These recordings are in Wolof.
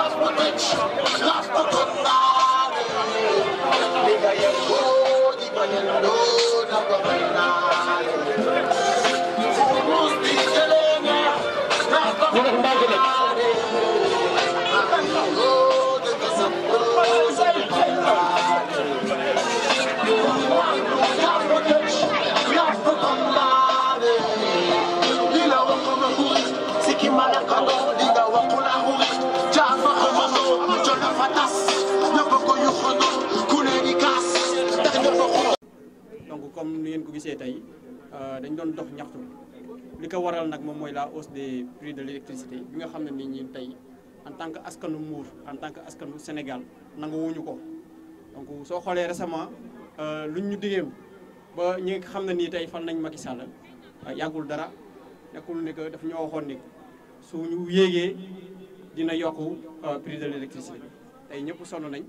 Last but not least, donc comme ni ngeen ko gisee tey euh, dañ doon dox ñaxtu li ko waral nag moom mooy la hausse des prix de l'électricité bi nga xam ne nit ñi tey en tant que askanu Mbour en tant que askanu Sénégal nanguwuñu ko donc soo xoolee récemment euh, luñ ñu digéem ba ñu nga xam ne nii tey fan nañ Macky Sall euh, yàggul dara nekkul ne que daf ñoo waxoon ni suñu yéegee dina yokk prix de l'électricité tey ñëpp sonn nañ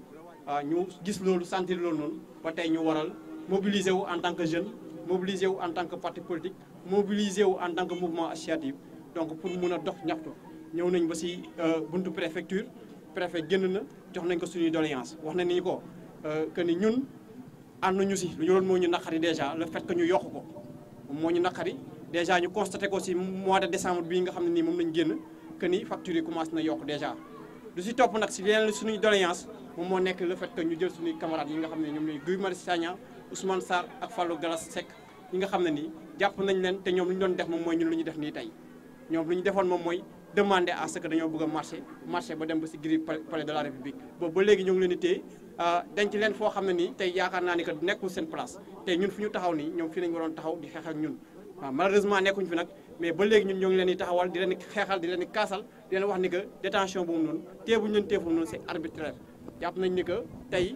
ñu gis loolu sentir loolu noonu ba tey ñu waral mobiliser wu en tant que jeune mobiliser wu en tant que parti politique mobiliser wu en tant que mouvement associatif donc pour mun a dox ñaxtu ñëw nañ ba si euh, buntu préfecture préfet génn na jox nañ ko suñuy doléance wax nañ ni ko euh, que ni ñun ànd ñu si lu ñu loolu ñu naqari déjà le fait que ñu yokk ko moo ñu naqari déjà ñu constaté ko si mois de décembre bii nga xam ne moom lañ génn que ni factures yi commencé na yokk déjà lu si topp nag si leneen suñuy doléance moom moo nekk le fait que ñu jël suñuy camarade, yi nga xam ne ñoom ñooy Guy Ousmane Sarr ak Fallou Gallas Seck yi nga xamné ni japp nañ leen té ñom luñu doon def mom moy ñu luñu def ni tay ñom luñu defoon mom moy demander à ce que dañu bëgg marché marché ba dem ba ci grip palais de la république bo ba légui ñu ngi leen di ah, dañ ci leen fo xamné ni tay tey yaakaar naa ni ko nekku seen place tey ñun fu taxaw ni ñom fi lañu waroon taxaw di xeex ak ñun malheureusement nekkuñ fi nak mais ba légui ñun ñu ngi leen di taxawal di leen xexal di leen kassal di leen wax ni que détention bu mu té boobu noonu téebuñ leen téefum noonu c'est arbitraire japp nañ ni que tay